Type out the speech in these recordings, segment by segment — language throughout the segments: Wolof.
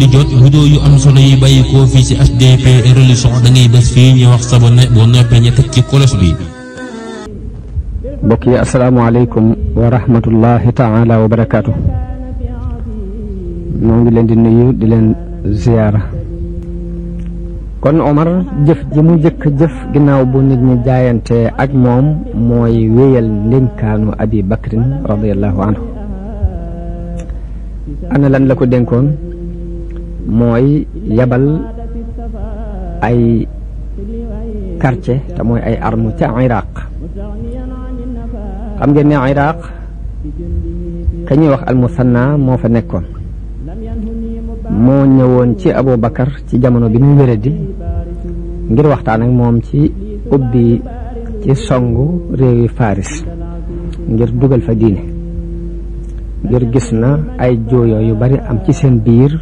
di jot vidéo ci HDP religion da ngay bés fii ñu wax sabone ci kolos bi mbokk yi asalaamaaleykum wa rahmatullahi taala leen di nuyu di leen ziyaara kon Omar jëf ji mu jëkk jëf ginnaaw bu nit ñi jaayante ak moom mooy wéyal ndénkaanu abi bakrin radiallahu anhu lan la ko dénkoon mooy yabal ay quartier te mooy ay arme ca iraq xam ngeen ne iraq ka wax almusanna moo fa nekkoon moo ñëwoon ci abou bakar ci jamono bi muy wéradi ngir waxtaan ak moom ci ubbi ci songu réewi faris ngir dugal fa diine ngir gis na ay jooyoo yu bari am ci seen biir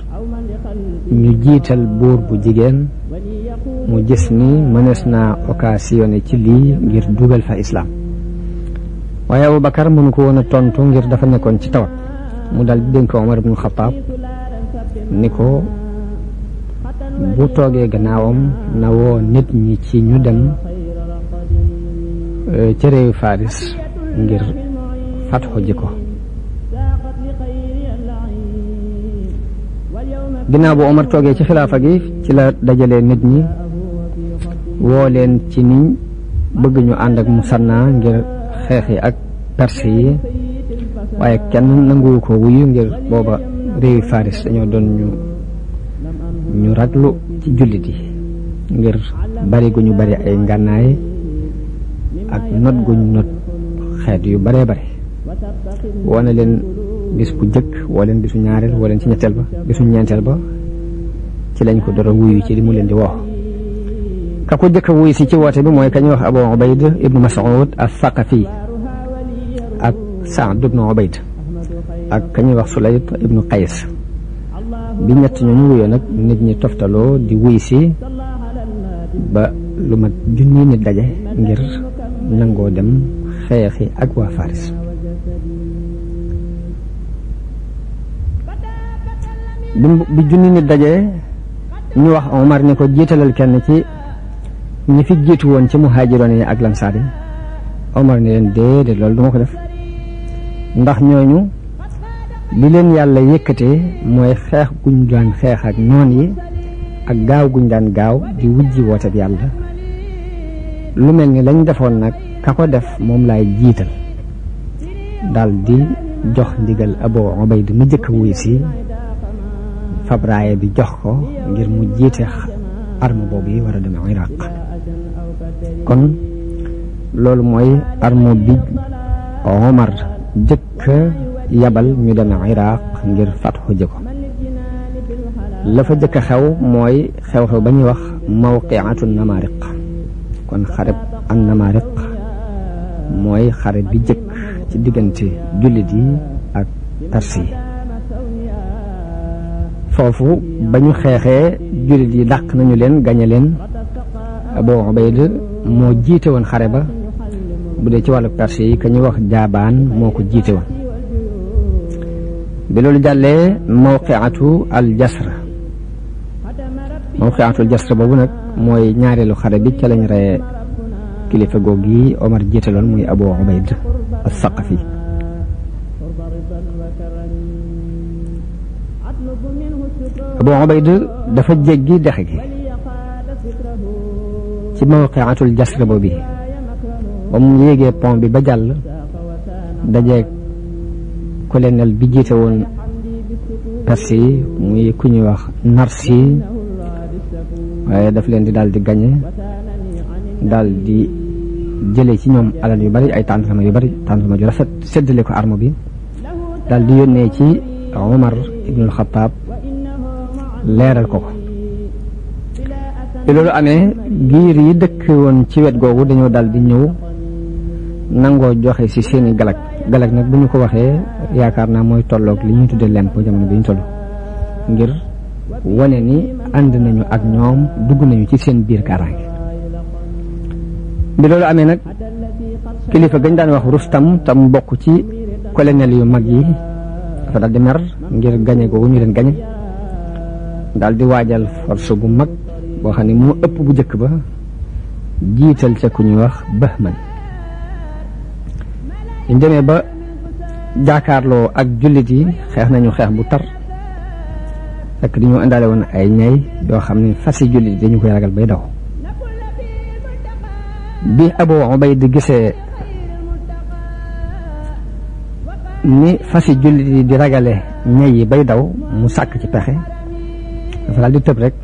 ñu jiital buur bu jigéen mu gis ni mënees na occasionné ci lii ngir dugal fa islaam waaye Aboubacar mënu ko woon a tontu ngir dafa nekkoon ci tawat mu dal di dénk Omar ibnu Xataab ni ko bu toogee gannaawam na woo nit ñi ci ñu dem eh, ca réewu ngir fatxu ko ginnaaw bu Omar toogee ci xilaafa gi ci la dajale nit ñi woo leen ci niñ bëgg ñu ànd ak musanna ngir xeex yi ak persi yi waaye kenn nangu ko wuyu ngir booba réewi faris dañoo doon ñu ñu raglu ci jullit yi ngir bari guñu bari ay ngànnaay ak not gu not xeet yu bare bare leen bis ku jëkk woo leen bisu ñaareel woo leen ci ñetteel ba bisu ñeenteel ba ci lañ ko dara wuyu ci li mu leen di woo ka ko jëkk wuyu si ci woote bi mooy kañuy wax Abu Ubayd ibnu Mas'ud al-Thaqafi ak Sa'd ibnu Ubayd ak kañuy wax Sulayt ibnu Qays bi ñett ñooñu wuyoo nag nit ñi toftaloo di wuy si ba lu ma junni nit daje ngir nangoo dem xeexi ak waa Faris bi junni nit dajee ñu wax Omar ni ko jiitalal kenn ci ñi fi jiitu woon ci muhaajiroon yi ak lansaar yi Omar ni leen déedéet loolu duma ko def ndax ñooñu li leen yàlla yëkkatee mooy xeex guñ daan xeex ak noon yi ak gaaw guñ daan gaaw di wujji wooteeb yàlla lu mel ni lañ defoon nag ka ko def moom laay jiital daal di jox ndigal Abu Ubayd mu jëkk wuy si fab bi jox ko ngir mu jiite arme bi war a dem Iraq kon loolu mooy arme bi jëkka yabal ñu dem Iraq ngir fatxu ko la jëkka xew mooy xew-xew ba ñuy wax mawqiatu namariq kon xareb an namariq mooy xare bi jëkk ci diggante jullit yi ak tarsi foofu ba ñu xeexee jullit yi dàq nañu leen gañe leen Abu Ubayd moo jiite woon xare ba bu dee ci wàllu perse yi ka ñu wax jaabaan moo ko jiite woon bi loolu jàllee atu al jasra mawqiatu al jasra boobu nag mooy ñaareelu xare bi ca lañ reye kilifa googu yi Omar jiite loon muy Abu Ubayd as-Saqafi Abu Ubayda dafa jéggi dex gi ci mawqiatul jasrabo bi ba mu yéegee pont bi ba jàll dajeeg colonel bi jiite woon perse yi muy ku ñuy wax narsi waaye daf leen di daal di gañe dal di jëlee ci ñoom alal yu bari ay tàndarma yu bari tàndarma ju rafet séddale ko arme bi daal di yónnee ci Omar ibnul Xataab leral ko ko bi loolu amee giir yi dëkk woon ci wet googu dañoo dal di ñëw nangoo joxe ci seeni galak galak nag bu ñu ko waxee yaakaar naa mooy tolloog li ñuy tuddee lemp jamono bi ñu toll ngir wane ni ànd nañu ak ñoom dugg nañu ci seen biir kaaraange bi loolu amee nag kilifa gañ daan wax rustam tam bokk ci colonel yu mag yi dafa di mer ngir gañe googu ñu leen gañe daal di waajal force bu mag boo xam ne moo ëpp bu jëkk ba jiital ca ku ñuy wax Bahman ñu demee ba jaakaarloo ak jullit yi xeex nañu xeex bu tar fekk dañoo indaale woon ay ñay yoo xam ne fasi jullit yi dañu koy ragal bay daw bi Abu Ubayd di gisee ni fasi jullit yi di ragale ñay yi bay daw mu sàkk ci pexe daal di tëb rek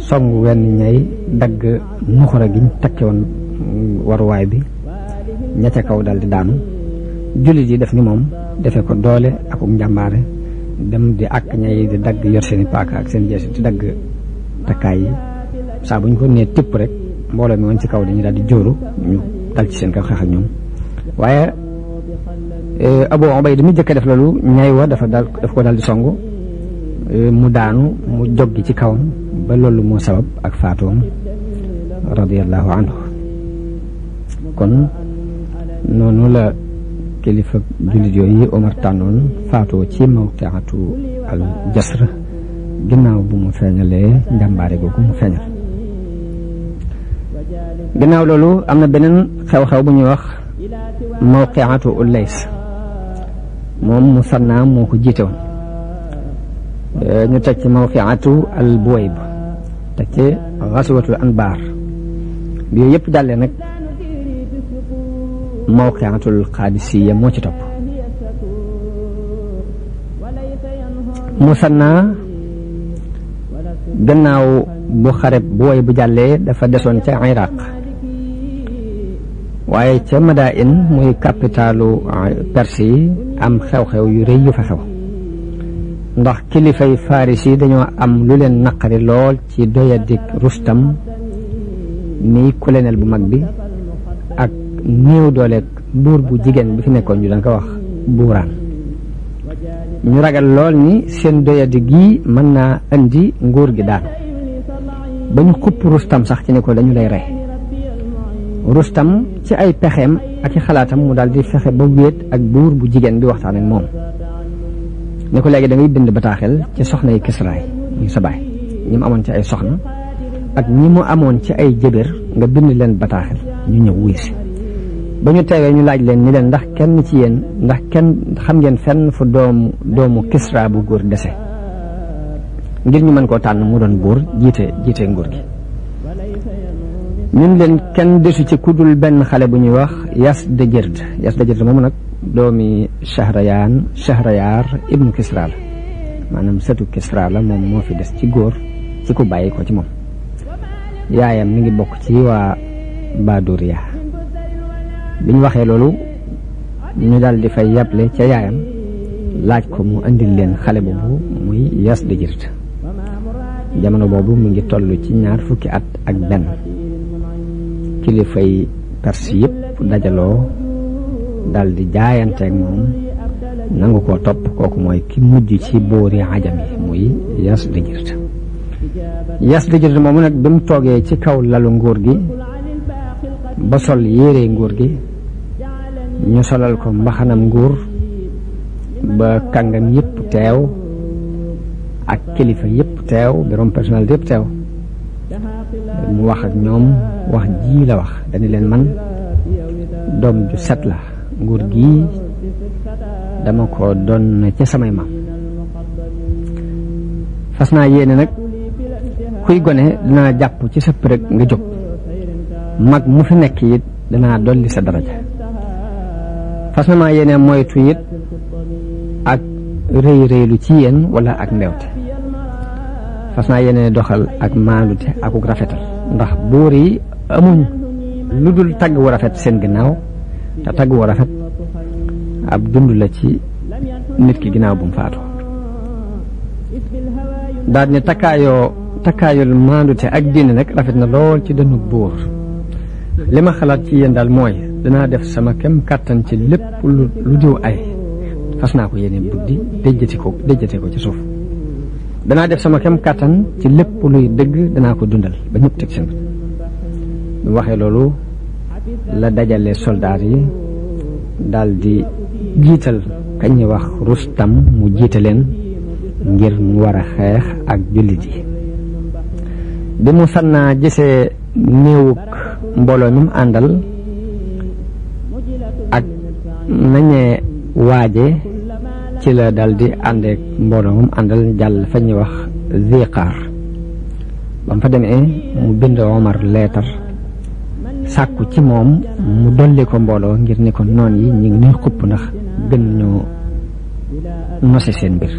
song wenn ñay dagg nuxura giñ takke woon waruwaay bi ña kaw daal di daanu jullit yi def ni moom defe ko doole ak um njàmbaare dem di àkk ñay di dagg yor seeni paaka ak seen jeesi di dagg takkaay yi saa bu ñu ko nee tipp rek mbooloo mi woon ci kaw dañu daal di jóoru ñu dal ci seen kaw xeex ak ñoom waaye eh, Abu Ubayda mi jëkk def loolu ñay wa dafa dal daf ko daal di song Euh, mu daanu mu joggi ci kawam ba loolu moo sabab ak faatoom radiyallahu anhu kon noonu la kilifa jullit yooyu Omar tànnoon faatoo ci mawtaatu al jasr ginnaaw bu mu feeñalee njàmbaare googu mu feeñal ginnaaw loolu am na beneen xew-xew bu ñuy wax mawqiatu Ulays moom mu sannaa moo ko jiite woon ñu teg ci mawqiatu al buwayb teg ci xaswatul anbaar bi yooyu yëpp jàllee nag mawqiatul qaadisiya moo ci mu topp musanna gannaaw bu xareb buwayb bu jàllee dafa desoon ca iraq waaye ca madain muy capitalu perse am xew-xew yu rëy yu fa xew ndax kilifay faris yi dañoo am lu leen naqari lool ci doyadik rustam ni colonel bu mag bi ak néew dooleeg buur bu jigéen bi fi nekkoon ñu daan ko wax buuraan ñu ragal lool ni seen doyadi gii mën naa indi nguur gi daanu ba ñu xupp rustam sax ci ne ko dañu lay rey rustam ci ay pexeem ak i xalaatam mu daal di fexe ba wéet ak buur bu jigéen bi waxtaan moom ne ko léegi dangay ngay bind bataaxel ci soxna yi Kisra yi sa baay ñi mu amoon ci ay soxna ak ñi mu amoon ci ay jëbër nga bind leen bataaxel ñu ñëw wuyu si ba ñu teewee ñu laaj leen ni leen ndax kenn ci yéen ndax kenn xam ngeen fenn fu doomu doomu Kisra bu góor dese ngir ñu mën koo tànn mu doon buur jiite jiite nguur gi ñun leen kenn desu ci ku dul benn xale bu ñuy wax yas de jërd yas de jërd moomu nag doomi Shahrayaan Shahrayaar ibnu Kisra la maanaam sëtu Kisra la moom moo fi des ci góor ci ku bàyyi ko ci moom yaayam mi ngi bokk ci waa Baduriya biñ waxee loolu ñu daldi fay yàble ca yaayam laaj ko mu indi leen xale boobu muy yas di jirit jamono boobu mu ngi tollu ci ñaar fukki at ak benn kilifay Perse yëpp dajaloo daldi di moom nangu ko topp kooku mooy ki mujj ci boori ajam yi muy yas di yas di jirta moomu nag bi mu toogee ci kaw lalu nguur gi ba sol yére nguur gi ñu solal ko mbaxanam nguur ba kàngam yépp teew ak kilifa yëpp teew borom personnalité yëpp teew mu wax ak ñoom wax ji la wax dañu leen man doom ju set la nguur gi dama ko doon ca samay maam fas naa yéene nag kuy gone dinaa jàpp ci sa rek nga jóg mag mu fi nekk it danaa dolli sa daraja fas na maa yéene moytu it ak rëy rëylu ci yéen wala ak mbewte fas naa yéene doxal ak maandute akuk rafetal ndax buur yi amuñ lu dul tàgg wu rafet seen ginnaaw te tagg wu rafet ab dund la ci nit ki ginnaaw bu mu faatu daal ne takkaayul maandute ak diine nag rafet na lool ci dënnu buur li ma xalaat ci yéen daal mooy danaa def sama kem kàttan ci lépp lu lu diw ay fas naa ko yéene buddi déjjati ko déjjate ko ci suuf danaa def sama kem kàttan ci lépp luy dëgg danaa ko dundal ba ñëpp teg seen bët waxee loolu la dajale soldaar yi daldi di jiital kañ ñi wax rustam mu jiite leen ngir mu war a xeex ak jullit yi bi mu sannaa gisee néewug mbooloo àndal ak nañee waaje ci la daldi di àndeek mbooloo àndal jàll fa ñuy wax ziqaar ba fa demee mu bind Omar leetar sàkku ci moom mu dolli ko mbooloo ngir ne ko noon yi ñu ngi nuy xupp ndax gën ñoo nose seen mbir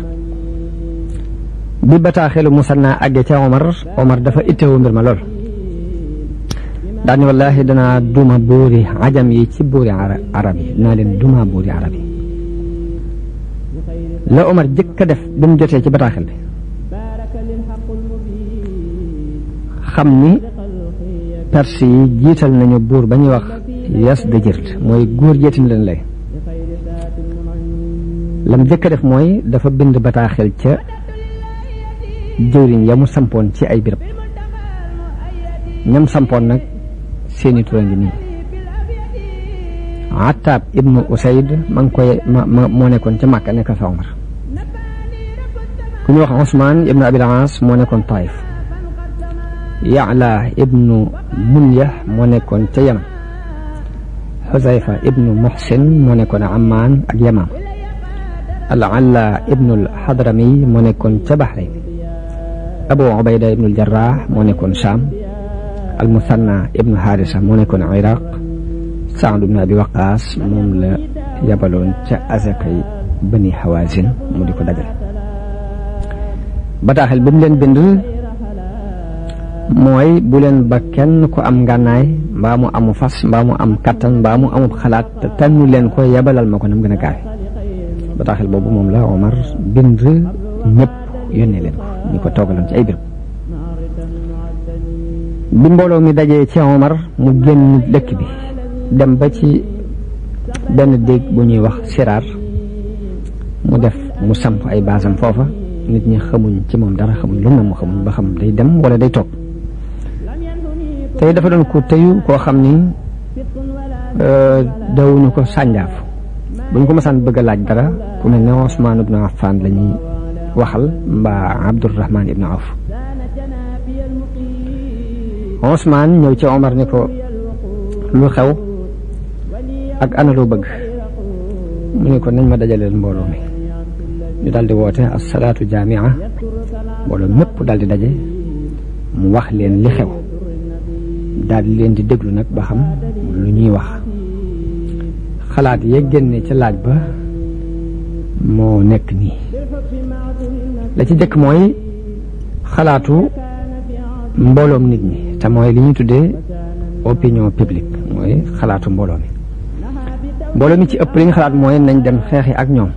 bi bataaxelu musanna àggee ca Omar Omar dafa itteewu mbir ma lool daani wallaahi danaa duma buuri ajam yi ci buuri arab yi dinaa leen duma buuri arab yi la Omar jëkk a def bi mu jotee ci bataaxel bi xam ni perse yi jiital nañu buur ba ñuy wax yas de mooy góor jeetin leen lay lam jëkk def mooy dafa bind bataaxel ca jëwriñ ya mu sampoon ci ay birab ñam sampoon nag seeni tura ngi nii Attaab ibnu Usayd ma koy ma ma moo nekkoon ca Màkka nekk fa Omar ku ñu wax Ousmane ibnu Abil As moo nekkoon Taif Yacla ibnu Mulya moo nekkoon ca Yaman Xusayfa ibnu Muxsin moo nekkoon Ammaan ak Yaman Al-Alla ibnu Xadrami moo nekkoon ca Baxrayn Abu Ubayda ibnu Jarraax moo nekkoon Saam Al-Musanna ibnu Haarisa moo nekkoon Iraq Saad ibnu Abi Waqaas moom la yabaloon ca asakay Bani Hawaazin mu di ko dajale bataaxel bi mu leen bind mooy bu leen ba kenn ko am ngànnaay mbaa mu amu fas mbaa mu am kattan mbaa mu amub xalaat te ñu leen ko yebalal ma ko nam gën a gaawe ba boobu moom la Omar bind ñépp yónnee leen ko ñu ko toogaloon ci ay béréb bi mbooloo mi dajee ci Omar mu gën dëkk bi dem ba ci benn dégg bu ñuy wax siraar mu def mu samp ay baasam foofa nit ñi xamuñ ci moom dara xamuñ lu mu xamuñ ba xam day dem wala day toog tey dafa doon ko teyu koo xam ni euh, dawuñu ko sànjaaf buñ ko masaan bëgg a laaj dara ko mel ne Ousmane waxal mbaa Abdourahman ibn Awf Ousmane ñëw ci xew ak ana loo bëgg mu ne ko nañ ma dajaleel mbooloo mi ñu daal di woote as salaatu mbooloo mépp daal di daje mu wax leen li xew daal di leen di déglu nag ba xam lu ñuy wax xalaat ya génne ca laaj ba moo nekk nii la ci jëkk mooy xalaatu mbooloom nit mi te mooy li ñuy tuddee opinion publique mooy xalaatu mbooloo mi mbooloo mi ci ëpp li xalaat mooy nañ dem xeexi ak ñoom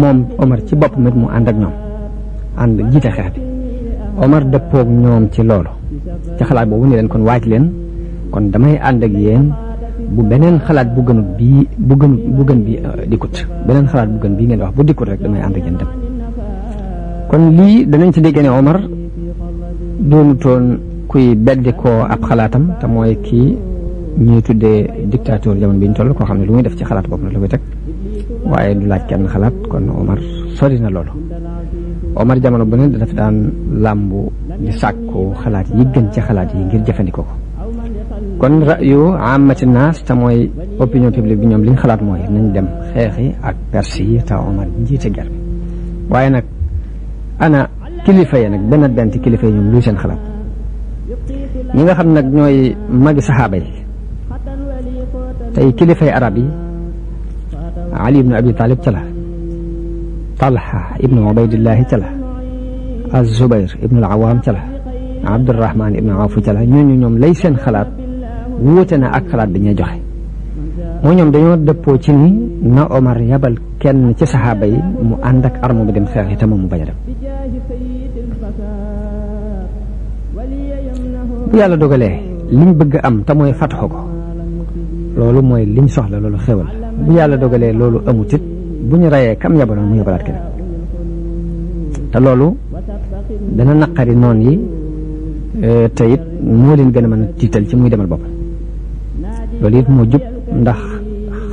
moom Omar ci bopp mit mu ànd ak ñoom ànd jiite xeex bi Omar dëppoog ñoom ci loolu ci xalaat boobu ni leen kon waaj leen kon damay ànd ak yéen bu beneen xalaat bu gën bii bu gën bu gën bi euh, dikkut beneen xalaat bu gën bii ngeen wax bu dikkut rek damay ànd ak yéen dem kon lii danañ ci déggee ne Omar doonutoon kuy beddi koo ab xalaatam te mooy kii ñuy tuddee dictateur jamono bi ñu toll koo xam ne lu muy def ci xalaat bopp na lu muy teg waaye du laaj kenn xalaat kon Omar sori na loolu Omar jamono bu ne dafa daan làmbu di sàkku xalaat yi gën ci xalaat yi ngir jëfandikoo ko kon rayu amati naas te mooy opinion publique bi ñoom li ñu xalaat mooy nañ dem xeexi ak persi yi te Omar jiite ger bi waaye nag ana kilifa yi nag benn benn kilifa yi ñoom luy seen xalaat ñi nga xam nag ñooy magi saxaaba yi tey kilifay arab yi Ali ibnu Abi Talib ca la Talha ibnu Ubaydillahi ca la Az-Zubayr ibnu al-Awwam ca la Abdurrahman ibnu Awf ca la ñooñu ñoom lay seen xalaat wuute na ak xalaat bi ñuy joxe moo ñoom dañoo dëppoo ci ni na Omar yabal kenn ci saxaaba yi mu ànd ak arme bi dem xeex yi te moom mu bañ a dem bu yàlla dogalee liñ bëgg am te mooy fatxu ko loolu mooy liñ soxla loolu xewal bu yàlla dogalee loolu amut it bu ñu rayee kam yabaloon mu yabalaat kenn te loolu dana naqari noon yi te it moo leen gën a mën a tiital ci muy demal boppam loolu moo jub ndax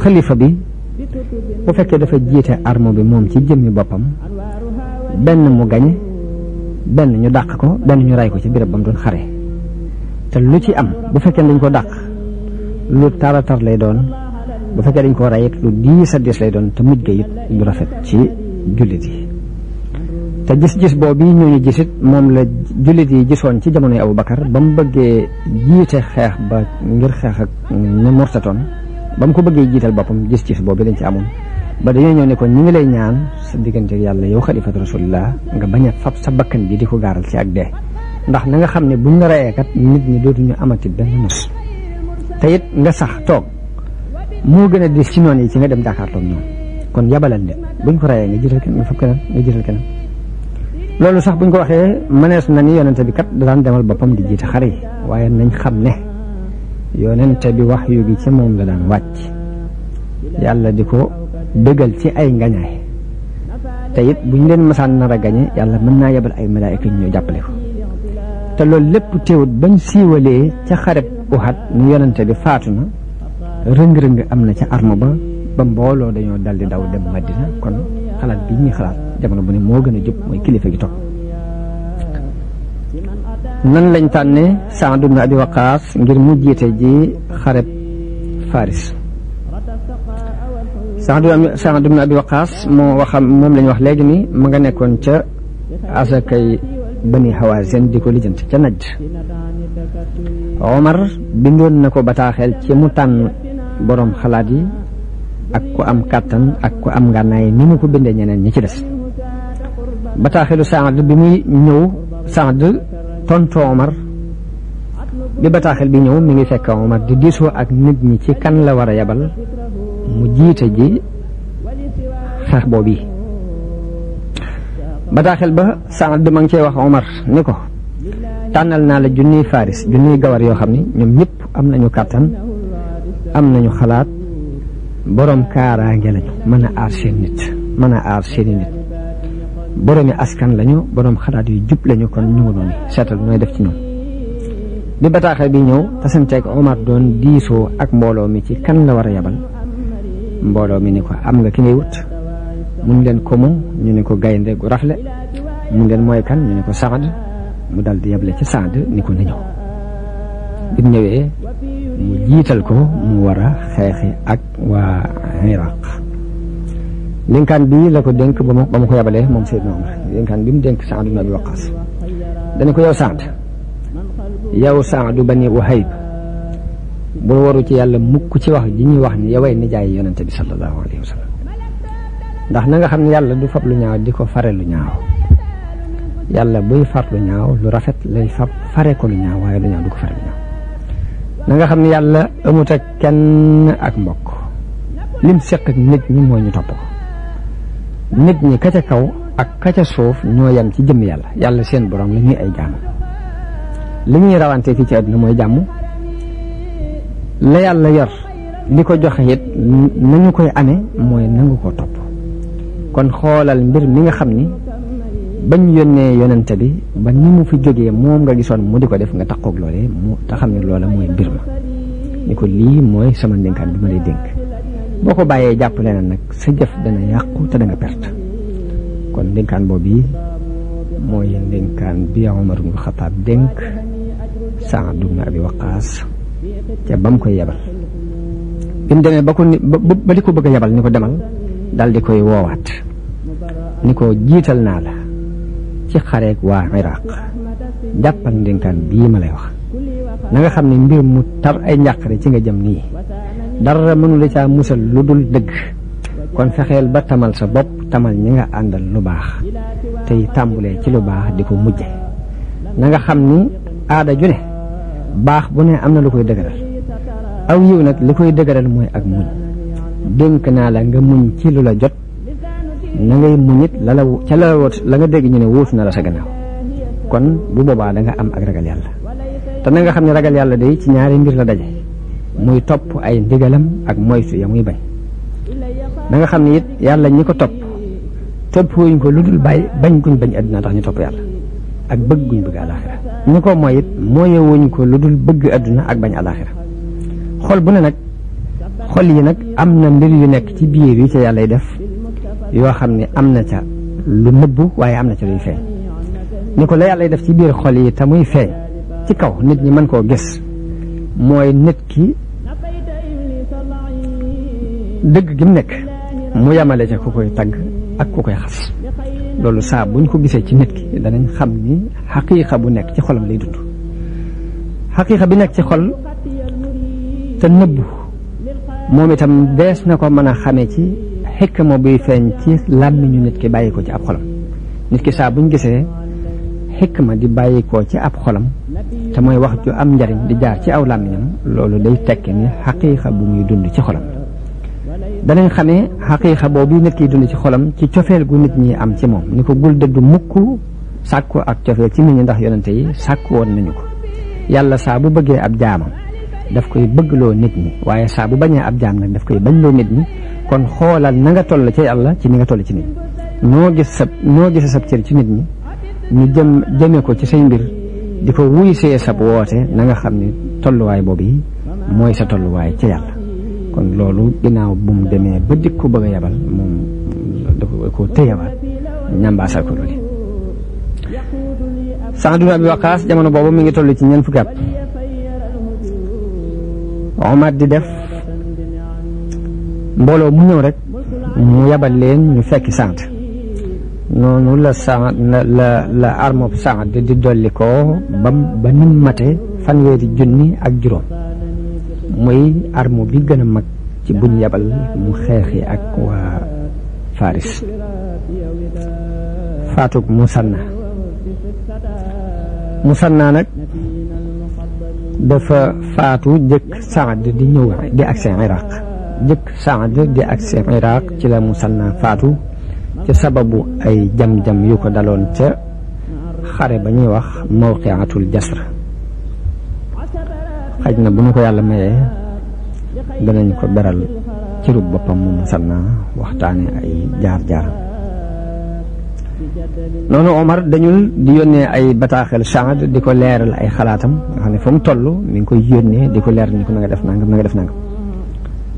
xalifa bi bu fekkee dafa jiite armo bi moom ci jëmmi boppam benn mu gañe benn ñu dàq ko benn ñu ray ko ci birab ba mu doon xare te lu ci am bu fekkee dañ ko dàq lu taratar lay doon bu fekkee dañ ko ray it lu diis a diis lay doon te mujj ga it du rafet ci jullit yi te gis-gis boobu ñu ñu gisit moom la jullit yi gisoon ci jamono Abu Bakar ba mu bëggee jiite ba ngir xeex ak ñu murtatoon ba mu ko bëggee jiital boppam gis-gis boobu lañ ci amoon ba dañoo ñëw ne ko ñu ngi lay ñaan sa diggante yàlla yow xalifatu rasulillah nga bañ a fab sa bakkan bi di ko gaaral ci ak dee ndax na nga xam ne la rayee kat nit ñi ñu amati benn nos te it nga sax toog moo gën a di ci noon yi ci nga dem Dakar ñoom kon yabalal de buñ ko rayee nga jiital kenn nga fab nga jiital Lalu sax buñ ko waxé manes na ni yonente bi kat da daan demal bopam di jita xari waye nañ xam ne yonente bi wax yu gi ci mom la daan wacc yalla diko ko ci ay ngañay tayit buñ leen masaan nar a gañé yalla mën na yabal ay malaika ñu jappalé ko té lepp téwut bañ ni bi fatuna na reng amna ci arma ba ba mbolo dañu daldi daw dem madina kon xalat bi ñi xalat jamono bu ne mo gëna a moy kilifa gi top nan lañ tanne saad ibn abi waqas ngir mu jiite ji xareb faris saad ibn abi waqas mo waxam mom lañ wax legi ni ma nga nekkon ca asakay bani hawazin di lijeent ca najj omar bindon na bata xel ci mu tan borom xalaat yi ak ko am katan ak ko am nganaay ni mu ko bindee ñeneen ñi ci dess bataaxelu saad bi muy ñëw saad tonto Omar bi bataaxel bi ñëw mi ngi fekk Omar di diso ak nit ñi ci kan la wara yabal mu jiite ji sax boobu yi bataaxel ba saad ma ngi ci wax Omar niko tanal na la junni faris junni gawar yo xamni ñom ñep am nañu katan am nañu xalaat borom ngeel lañu mëna ar seen nit mëna ar seen nit boroomi askan lañu boroom xalaat yi jub lañu kon ñu ngi noonu seetal nooy def ci ñoom bi bataaxal bi ñëw tasanteeg Omar doon diisoo ak mbooloo mi ci kan la war a yabal mbooloo mi ni ko am nga ki ngay wut mun leen ko mu ñu ne ko gaynde gu rafle mu leen mooy kan ñu ne ko Saad mu dal di yable ci Saad ni ko na ñëw bi ñëwee mu jiital ko mu war a xeexi ak waa Iraq dénkaan bii la ko dénk ba ma ko yabalee moom Seydina Omar dénkaan bi mu dénk Saad ibn Abi Waqaas dana ko yow Saad yow Saadu bani Wahayb bul waru ci yàlla mukk ci wax ji ñuy wax ni yoway nijaay yonente bi sallallahu alayhi wa sallam ndax na nga xam ne yàlla du fab lu ñaaw di ko fare lu ñaaw yàlla buy far lu ñaaw lu rafet lay fab fare ko lu ñaaw waaye lu ñaaw du ko fare lu ñaaw na nga xam ne yàlla amut ak kenn ak mbokk lim seq ak nit ñi mooy ñu topp nit ñi ka kaw ak ka ca suuf ñoo yem ci jëm yàlla yàlla seen borom la ñuy ay jàmm li ñuy rawante fii ci àdduna mooy jàmm la yàlla yor li ko joxe it nañu koy amee mooy nangu ko topp kon xoolal mbir mi nga xam ni ba bañ yónnee yonente bi ba ni mu fi jógee moom nga gisoon mu di ko def nga taxoog loolee mu te xam ne loola mooy mbir ma ni ko lii mooy sama ndénkaan bi ma lay dénk boko baye japp lenen nak sa jëf dana yàqu te da nga perte kon denkan bobbi moy denkan bi Omar ibn Khattab denk Saad ibn Abi waqas ca bam koy yabal bim mu ba ko ba bëgg yabal niko demal dal di koy wowat niko jital na la ci ak wa Iraq jàppal denkan bi ma lay wax na nga xamni mbir mu tar ay njàqare ci nga jëm ni dara mënu la caa musal lu dul dëgg kon fexeel ba tamal sa bopp tamal ñi nga àndal lu baax tey tàmbulee ci lu baax di ko mujje na nga xam ni aada ju ne baax bu ne am na lu koy dëgëral aw yiw nag li koy dëgëral mooy ak muñ dénk naa la nga muñ ci lu la jot na ngay muñit la la ca la woot la nga dégg ñu ne wuutu na la sa gannaaw kon bu boobaa da nga am ak ragal yàlla te na nga xam ne ragal yàlla dey ci ñaari mbir la daje muy topp ay ndigalam ak moytu ya muy bañ da xam ne it yàlla ñi ko topp topp wuñ ko lu dul bàyyi bañ guñ bañ àdduna tax ñu topp yàlla ak bëgg guñ bëgg àlaaxira ñi ko moy it mooye wuñ ko lu dul bëgg àdduna ak bañ àlaaxira xol bu ne nag xol yi nag am na mbir yu nekk ci biir yu ca yàllay def yoo xam ne am na ca lu nëbbu waaye am na ca luy feeñ ni ko la yàllay def ci biir xol yi te muy feeñ ci kaw nit ñi mën koo gis mooy nit ki dëgg gi mu nekk mu yemale ca ku koy tagg ak ku koy xas loolu saa buñ ko gisee ci nit ki danañ xam ni xaqiiqa bu nekk ci xolam lay dund xaqiiqa bi nekk ci xol te nëbbu moom itam dees na ko mën a xame ci xikma buy feeñ ci làmmiñu nit ki bàyyi ko ci ab xolam nit ki saa buñ gisee xikma di bàyyi ko ci ab xolam te mooy wax ju am njariñ di jaar ci aw làmmiñam loolu day tekki ni xaqiiqa bu muy dund ci xolam danañ xamee xaqiiqa boobu nit kiy dund ci xolam ci cofeel gu nit ñi am ci moom ni ko gul dëddu mukk sàkku ak cofeel ci nit ñi ndax yonente yi sàkk woon nañu ko yàlla saa bu bëggee ab jaamam daf koy bëggloo nit ñi waaye saa bu bañee ab jaam nag daf koy bañloo nit ñi kon xoolaat na nga toll ci yàlla ci ni nga toll ci nit ñi noo gis sa noo gis sab cër ci nit ñi ñu jëm jëmee ko ci say mbir di ko wuy see sab woote na nga xam ne tolluwaay boobu yi mooy sa tolluwaay ci yàlla kon loolu ginnaaw bu mu demee ba dikk ko bëgg a yabal moom dafa ko tëyewaat ñambaasal ko loolu Saad ibn Abi Waqaas jamono boobu mi ngi toll ci ñeent fukki at Omar di def mbooloo mu ñëw rek mu yabal leen ñu fekki Saad noonu la sa la la armob saad di dolli ko ba ba nim mate junni ak juróom muy armo bi gën a mag ci buñ yabal mu xeexi ak waa Faris faatug musanna musanna nag dafa faatu jëkk saad di di agsi ci la musanna faatu ci sababu ay jam-jam yu ko daloon ca xare ba ñuy wax mawqiatul jasr xaj na bu ñu ko yàlla mayee danañ ko beral ci boppam mu masal na waxtaane ay jaar-jaar noonu Omar dañul di yónnee ay bataaxel Saad di ko leeral ay xalaatam nga xam ne fa mu toll mi ngi koy yónnee di ko leeral ni ko na nga def nangam na nga def nangam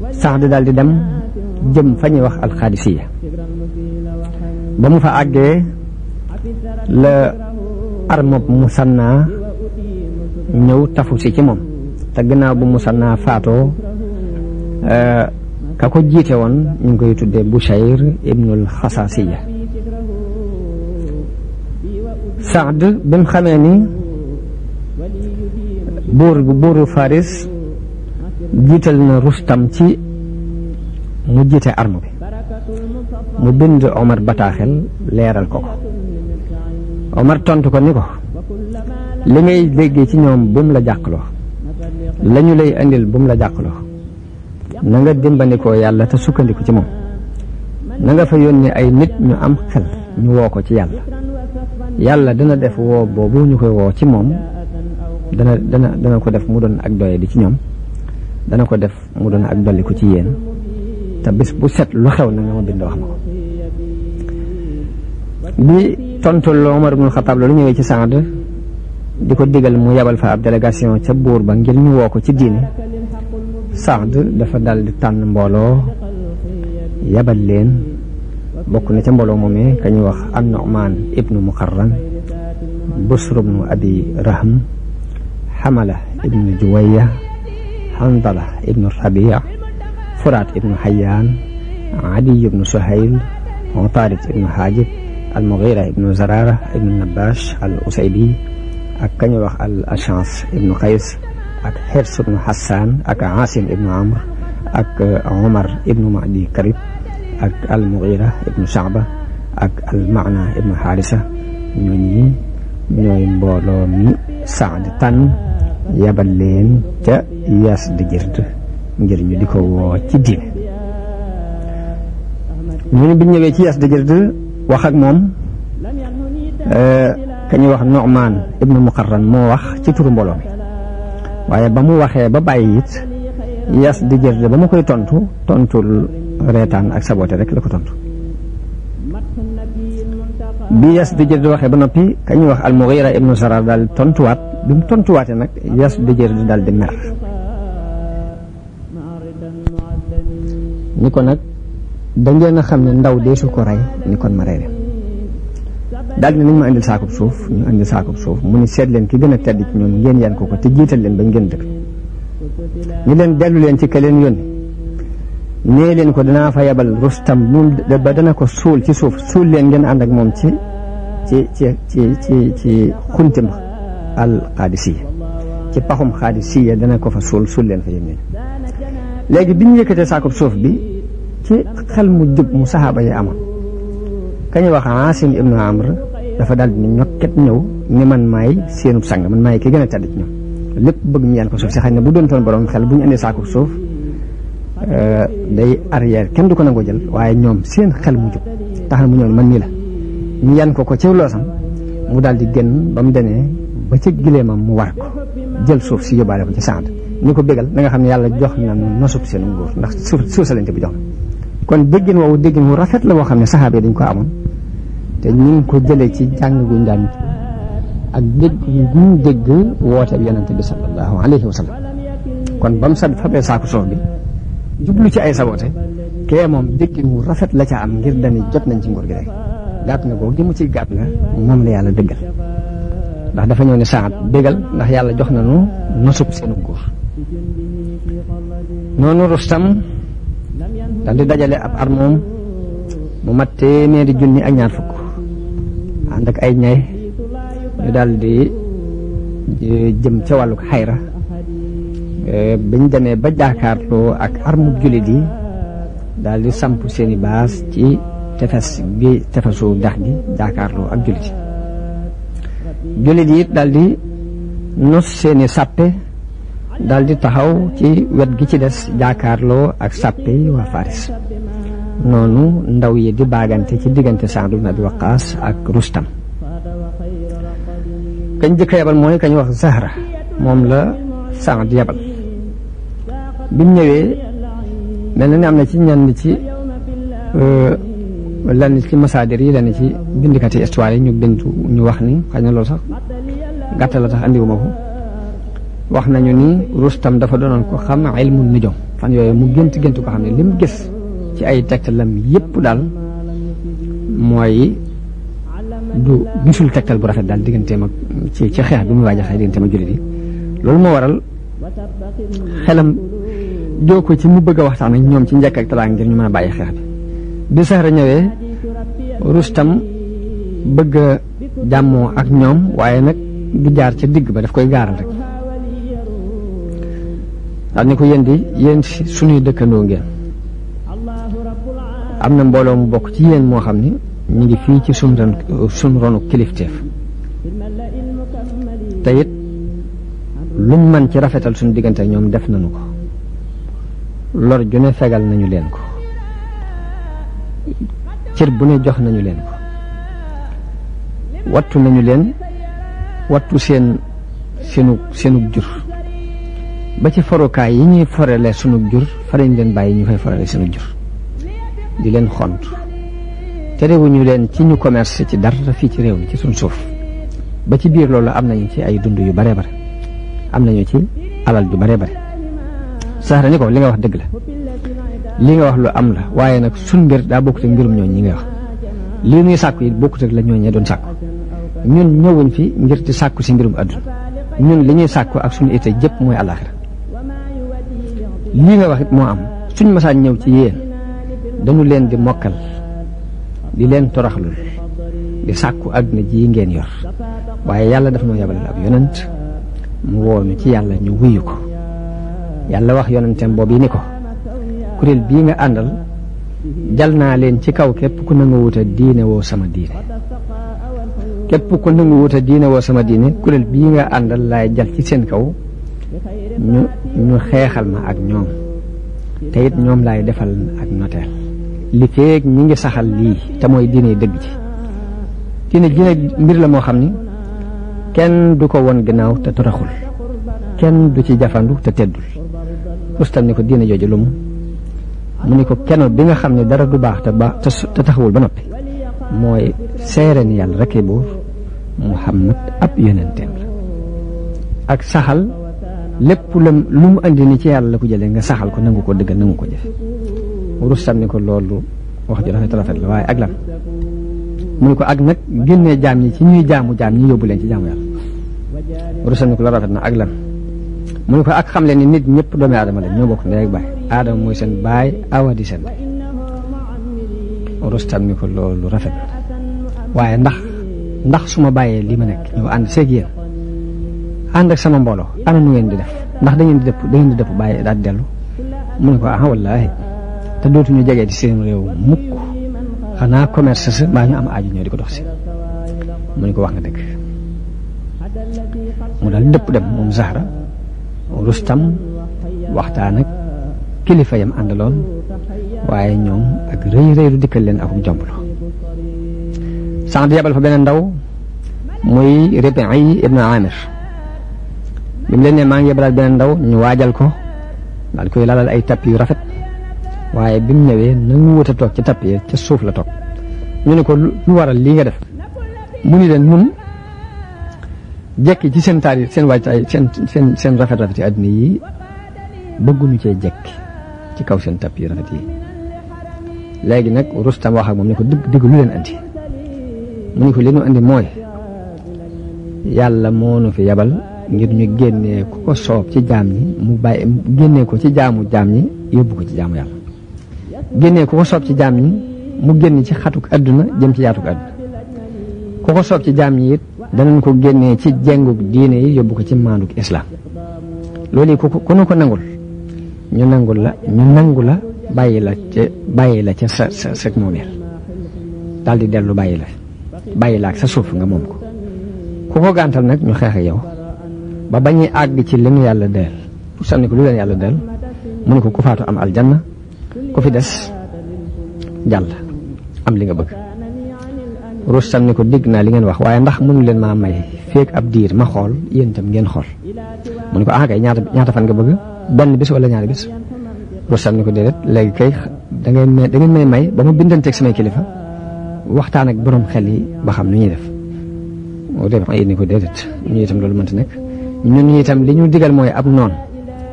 Saad daal di dem jëm fa ñuy wax alxaadisiya ba mu fa àggee la armob musanna ñëw tafu si ci moom te gannaaw bu musanna faatoo euh, ka ko jiite woon ñu ngi koy tuddee Bushayr ibnul Xasaasiya Saad bi mu xamee ni buur bu buuru Faris jiital na Rustam ci mu jiite arme mu bind Omar bataaxel leeral ko ko Omar tontu ko ni ko li ngay déggee ci ñoom bu mu la jàqloo la lay indil bu mu la jàqloo na nga dimbandikoo yàlla te sukkandiku ci moom nanga nga fa yónnee ay nit ñu am xel ñu woo ko ci yàlla yàlla dana def woo boobu ñu koy woo ci moom dana dana dana ko def mu doon ak doye di ci ñoom dana ko def mu doon ak dolliku ci yéen te bis bu set lu xew na nga ma bind wax ma ko bi tontul Omar ibn Khattab loolu ñewé ci sande di digal mu yabal fa ab délégation ca buur ba ngir ñu woko ci diine sande dafa dal di tan mbolo yabal leen bokku na ca mbolo momé ka wax an Nu'man ibnu Muqarran Busr ibnu Abi Rahm Hamala ibnu juwayya Handala ibnu Rabia فرات بن حيان عدي بن سهيل وطارد بن حاجب المغيرة بن زرارة بن نباش الأسيدي ak kañu wax al Ashans ibnu Qays ak Hirs ibnu Hassan ak Asim ibnu Amr ak Omar ibnu Ma'di Karib ak al Mughira ibnu Sha'ba ak al Ma'na ibnu Harisa ñooñi ñooy mbooloo mi Saad tànn yabal leen ca Yasdigird ngir ñu di ko woo ci diine ñooñu bi ñëwee ci Yazdajird wax ak moom eh, ka ñuy wax Nu'man ibnu Muqarran moo wax ci turu mbooloo waaye ba mu waxee ba bàyyi it Yazdajird ba mu koy tontu tontu reetaan ak saboté rek la ko tontu bi di waxee ba noppi ka ñuy wax al-Mughira ibnu Sarar daal tontuwaat bi mu tontuwaatee nag Yazdajird daal di mer ni ko nag dangeen a xam ne ndaw deesu ko rey ñu kon ma rey leen daal ne nañ ma indil saakub suuf ñu indil saakub suuf mu ni seet leen ki gën a tedd ci ñoom ngeen yan ko ko te jiital leen bañ gën dëkk ñu leen dellu leen ci ka leen yónni nee leen ko danaa fa yabal rustam moom ba dana ko suul ci suuf suul leen ngeen ànd ak moom ci ci ci ci ci ci xuntim al xaadisiya ci paxum xaadisiya dana ko fa suul suul leen fa yéen léegi bi ñu saakub suuf bi ci xel mu jub mu sahaba yi amoon kañu wax Asim ibnu Amr dafa dal ni ñokket ñew ni man may seenu sang man may ki gëna tadd ci ñu lepp bëgg ñu ko suuf ci xañ na bu doon toon borom xel bu ñu indee saako suuf eh, day arrière kenn du ko nango jël waye ñom seen xel mu jub tax na mu ñew man ni la ñu yan ko ko ci loosam mu dal di genn bam dene ba ci gilemam mu war ko jël suuf ci yobale ko ci sant ni ko bégal nga xamni yalla jox na nosub seen nguur ndax suuf suuf jox kon déggin woowu déggin wu rafet la woo xam ne saxaaba yi dañ ko amoon te ñu ngi ko jëlee ci jàng guñ daan ak dégg guñ dégg woote bi yonent bi sallallahu alayhi wa kon ba mu sa fabee bi jublu ci ay saboote kee moom déggin wu rafet la ca am ngir dañuy jot nañ ci nguur gi rek gàtt na googu gi mu ci gàtt na moom la yàlla dëggal ndax dafa ñëw ne saat déggal ndax yàlla jox nañu nosub seenu nguur noonu Rustam dal di dajale ab ar mu mat téeméeri junni ak ñaar fukk ànd ak ay ñay ñu daal jëm ca wàllu xayra biñ demee ba jaakaarloo ak armu jullit yi daldi samp seeni baas ci tefes gi tefesu dex gi jaakaarloo ak jullit yi jullit yi daal nos seeni sàppe daal di taxaw ci wet gi ci des jaakaarloo ak sàppi waa Faris noonu ndaw yi di baagante ci diggante Saad ibn wax kaas ak Rustam kañ jëkk yabal mooy kañ wax Zahra moom la Saad yabal bi mu ñëwee mel na ne am na ci ñenn ci euh, lenn ci masaadir yi lenn ci bindikati histoire yi ñu bind ñu wax ni xëy na sax gàttal tax andiwuma ko wax nañu ni rustam dafa doonoon ko xam ilmu nijom fan yooyu mu gënt gënt ko xam ne lim gis ci ay tegtalam yépp daal mooy du gisul tegtal bu rafet daal digganteem ak ci ci xeex bi mu waaj a xeex digganteem ak julit yi loolu moo waral xelam joo ko ci mu bëgg a waxtaan ak ñoom ci njëkk ak talaa ngir ñu mën a bàyyi xeex bi bi saxra ñëwee rustam bëgg a jàmmoo ak ñoom waaye nag du jaar ca digg ba daf koy gaaral rek daal ni ko yéen di yéen suñuy dëkkandoo ngeen am na mbooloo mu bokk ci yéen moo xam ni ñu ngi fii ci suñ ron suñ ronu kilifteef te it luñ man ci rafetal suñ diggante ñoom def nañu ko lor ju ne fegal nañu leen ko cër bu ne jox nañu leen ko wattu nañu leen wattu seen seenu seenu jur ba ci forukaay yi ñuy forale sunu jur fa leen bàyyi ñu koy forale sunu jur di leen xont terewuñu leen ci ñu commerce ci dara fii ci réew mi ci suñ suuf ba ci biir loolu am nañu ci ay dund yu bare bare am nañu ci alal ju bare bare sax ni ko li nga wax dëgg la li nga wax lu am la waaye nag suñ mbir daa bokkut ak mbirum ñooñ ñi nga wax li nuy sàkku yi bokkut ak la ñooñee doon sàkku ñun ñëwuñ fi ngir di sàkku si mbirum àdduna ñun li ñuy sàkku ak suñu ite jëpp mooy àllaaxira lii nga waxit moo am suñ masaan ñëw ci yéen dañu leen di mokkal di leen toraxlul di sàkku àdduna ji ngeen yor waaye yàlla dafa noo yabal ab yonent mu woonu ci yàlla ñu wuyu ko yàlla wax yonenteem boobu yi ni ko kuréel bii nga àndal jal naa leen ci kaw képp ku nangu wuta diine woo sama diine képp ku nangu wuta diine woo sama diine kuréel bii nga àndal laay jal ci seen kaw ñu ñu xeexal ma ak ñoom te ñoom laay defal ak noteel li feeg ñi ngi saxal lii te mooy diine dëgg ci diine diine mbir la moo xam ni kenn du ko won ginnaaw te toraxul kenn du ci jafandu te teddul ustam ni ko diine jooju lu mu mu ni ko keno bi nga xam ne dara du baax te taxawul ba noppi mooy seere ni yàlla rekk buur Muhammad ab yonenteem la ak saxal lepp lam lu mu andi ni ci yalla la ko jele nga saxal ko nangu ko deug nangu ko def rus sam ni ko lolou wax ji rafet rafet la way ak lan mu ko ak nak genné jam ñi ci ñuy jamu jam ñi yobulen ci jamu yalla ni ko rafet na ak lan mu ko ak xam nit ñepp doomi adam la ñoo bok ndey ak bay adam moy sen bay awa di urusan rus sam ni ko lolou rafet waye ndax ndax suma baye li ma nek ñu and yeen ànd ak sama mbooloo am nu ngeen def ndax da ngeen di dëpp da ngeen di dëpp bàyyi dellu mu ne ko ah wallaahi te dootuñu jege ci seen réew mukk xanaa commerce sa mbaa ñu am aaju ñoo di ko dox si mu ne ko wax nga dëgg mu daal dëpp dem moom Zahra Rustam waxtaan ak kilifa yam àndaloon waaye ñoom ak rëy rëy lu dikkal leen akum jomblo sànq di yabal fa beneen ndaw muy Ribi ibn Amir bi mu leen ne maa ngi yebalal beneen ndaw ñu waajal ko daal koy lalal ay tapp yu rafet waaye bi mu ñëwee nañu wut a toog ci tapp yi ca suuf la toog ñu ne ko lu waral lii nga def mu ni leen mun jekki ci seen taar yi seen waajtaay seen seen seen rafet rafet yi àddina yi bëgguñu cee jekki ci kaw seen tapp yu rafet yi léegi nag Rustam wax ak moom ne ko dëgg dëgg lu leen andi mu ne ko li ñu andi mooy yàlla moo nu fi yabal ngir ñu génnee ku ko soob ci jaam ñi mu bàyyi génnee ko ci jaamu jaam ñi yóbbu ko ci jaamu yàlla génnee ku ko ci jaam ñi mu génn ci xatuk àdduna jëm ci yaatuk àdduna ku ko soob ci jaam ñi it danañ ko génnee ci jenguk diine yi yóbbu ko ci maanduk islam loolu yi ku ku nu ko nangul ñu nangul la ñu nangu la bàyyi la ca bàyyi la ca sa sa sa moomeel daal dellu bàyyi la bàyyi laa ak sa suuf nga moom ko ku ko gàntal nag ñu xeex ak yow ba bañuy àgg ci lim yàlla deel pour lu leen yàlla deel mu ne ko ku faatu am aljanna ko fi des jàll am li nga bëgg ruus tam ni ko dégg naa li ngeen wax waaye ndax mënu leen maa may feeg ab diir ma xool yéen itam ngeen xool mu ne ko a ah kay ñaata ñaata fan nga bëgg benn bis wala ñaari bis ruus tam ni ko déedéet léegi kay da ngeen may da ngeen may may ba ma bindanteeg samay kilifa waxtaan ak borom xel yi ba xam nu ñuy def. waaw dégg nga ni ko déedéet ñu itam loolu mënta nekk. ñun itam li ñu digal mooy ab noon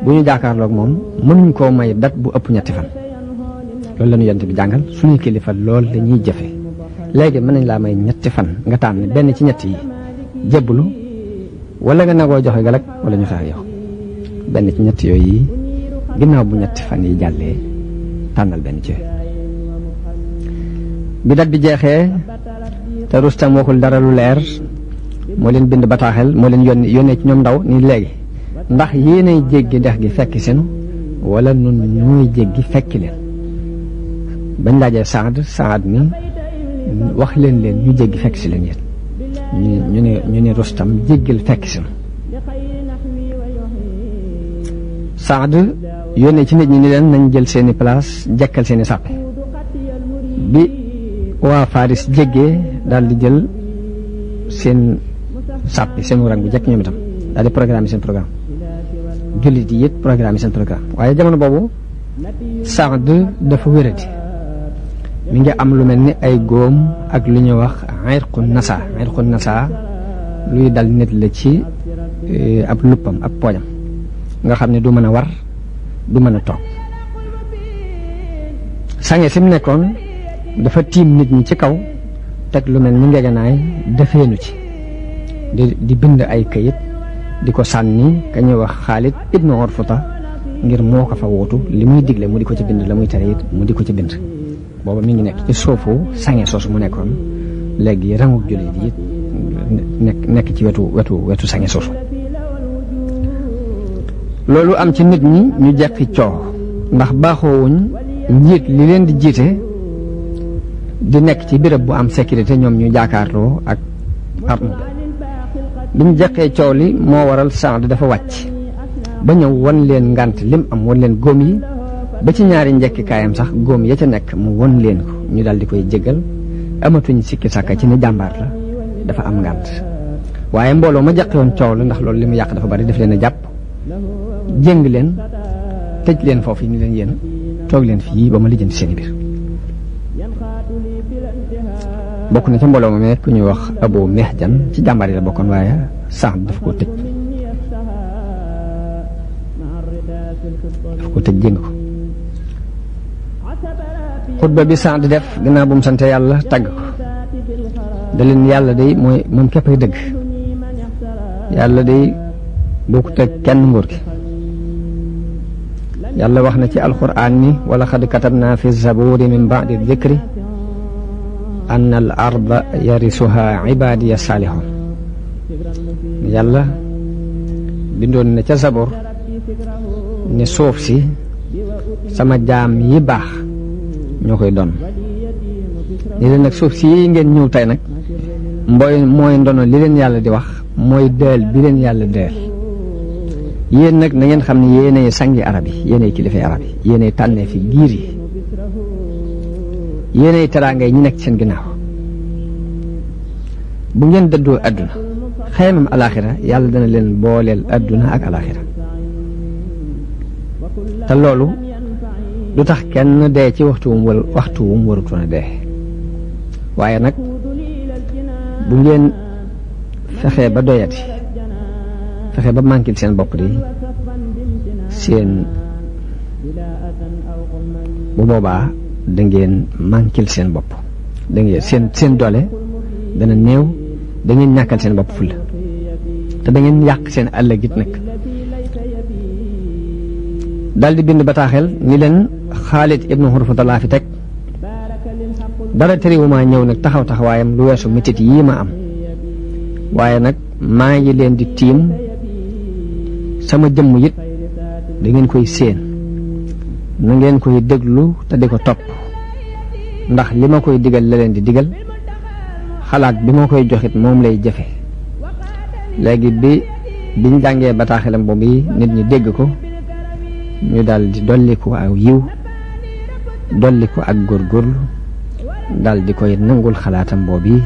bu ñu jàkkaarloog moom mënuñ koo may dat bu ëpp ñetti fan loolu la yent bi jàngal suñu kilifa lool la ñuy jëfe léegi mën nañ laa may ñetti fan nga tànn benn ci ñetti yi jébbalu wala nga nagoo joxe galak wala ñu xeex yow benn ci ñetti yooyu yi ginnaaw bu ñetti fan yi jàllee tànnal benn ci bi dat bi jeexee te Rustam waxul dara lu leer mo leen bind bataaxel mo leen yónni yónnee ci ñoom ndaw ni léegi ndax yéenay jéggi dex gi fekk sinu wala nun ñooy jéggi fekk leen bañ laajee saad saad mi wax leen leen ñu jéggi fekk si leen yéen ñu ne ñu ne rustam jéggil fekk sinu saad yónnee ci nit ñi ni leen nañ jël seeni place jekkal seeni bi waa Faris jéggee daal di jël seen sappi seen waraag bu njëkk ñoom itam daal di programme seen programme jullit yi it programme seen programme waaye jamono boobu Saad dafa wérati mi ngi am lu mel ni ay góom ak lu ñu wax xirqu nasa xirqu nasa luy dal nit la ci eh, ab luppam ab poojam nga xam ne du mën a war du mën a toog sange si nekkoon dafa nit ñi ci kaw teg lu mel ngegenaay defeenu ci di di bind ay kayit di ko sànni ka ñuy wax Xaalid ibnu Urfuta ngir moo ko fa wootu li muy digle mu di ko ci bind la muy tere it mu di ko ci bind booba mi ngi nekk ci suufu sange soosu mu nekkoon léegi rangug jullit yi nekk nekk ci wetu wetu wetu sange soosu loolu am ci nit ñi ñu jekki coow ndax baaxoowuñ njiit li leen di jiite di nekk ci béréb bu am sécurité ñoom ñu jaakaarloo ak arme bi mu jaqee coow li moo waral Saad dafa wàcc ba ñëw wan leen ngant lim am won leen góom yi ba ci ñaari njekki sax góom ya ca nekk mu won leen ko ñu daal di koy jégal amatuñ sikki sàkka ci ni jàmbaar la dafa am ngant waaye mbooloo ma jaqe woon coow la ndax loolu li mu yàq dafa bari def leen a jàpp jéng leen tëj leen foofu yi ni leen yéen toog leen fii ba ma lijjanti seen i biir bokk na ci mbooloo moomee ku ñuy wax Abu Mihjan ci jàmbaar la bokkoon waaye Saad dafa ko tëj dafa ko tëj jéng ko xutba bi Saad def gannaaw bu mu sante yàlla tàgg ko da leen yàlla day mooy moom képp ay dëgg yàlla day bokkut ak kenn nguur gi yàlla wax na ci alxuraan ni wala xad katabna fi zaburi min baadi dikri أن الأرض يرثها عبادي الصالحون يلا بدون نتصبر نصوف سي سما جام يباح نوكي دون نيلن نك صوف سي ينجن نيو تاينك موي موي دونو لين يالا دي واخ موي ديل بيلن يالا ديل yéen nag na ngeen xam ne yéenay sangi arab yi yéenay kilifa arab yi yéenay tànnee fi giir yi yéenay teraanga yi ñu nekk seen ginnaaw bu ngeen dëddoo adduna xaymam alaxira yàlla dana leen booleel àdduna ak alaxira te loolu du tax kenn dee ci waxtu wum wal waxtu waaye nag bu ngeen fexee ba doyati fexee ba mànkil seen bopp di seen bu boobaa da ngeen manquil seen bopp da ngeen seen seen doole dana néew da ngeen ñàkkal seen bopp fulla te da ngeen yàq seen ëllëgit nag daal di bind bataaxel ni leen xaalit ibnu xurfata laa fi teg dara terewuma ñëw nag taxaw taxawaayam lu weesu metit yii ma am waaye nag maa ngi leen di tiim sama jëmm it da ngeen koy seen na ngeen koy déglu te di ko topp ndax li ma koy digal la leen di digal xalaat bi ma koy joxit moom lay jafe léegi bi biñ jàngee bataaxelam boobu yi nit ñi dégg ko ñu daldi di dolliku aw yiw dolliku ak góor góor daldi koy nangul xalaatam boobu yi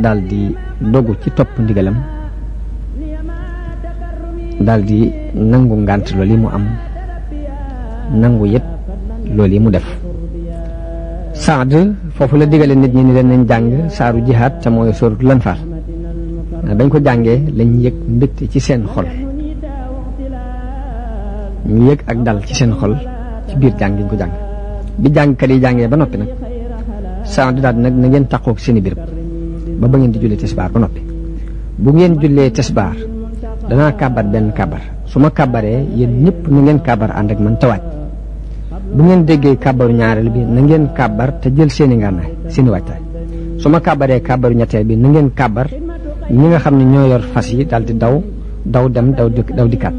daldi di dogu ci topp ndigalam daal di nangu ngànt loolu mu am nangu yépp loolu yi mu def saad foofu la digale nit ñi ni leen nañ jàng saaru jihaad te mooy sóorut lan faal bañ ko jàngee lañ yëg mbégte ci seen xol ñu yëg ak dal ci seen xol ci biir jàng ko jàng bi jàngkat yi jàngee ba noppi nag saad daal nag na ngeen tàqoog seen biir ba ba ngeen di jullee tesbaar ba noppi bu ngeen jullee tesbaar danaa kàbbar benn kàbbar su ma kàbbaree yéen ñëpp na ngeen kàbbar ànd ak man bu ngeen déggee kàbbaru ñaareel bi na ngeen kàbbar te jël seeni ngànnaay seeni waajtaay su ma kàbbaree kàbbaru ñetteel bi na ngeen kàbbar ñi nga xam ne ñoo yor fas yi dal di daw daw dem daw di daw dikkaat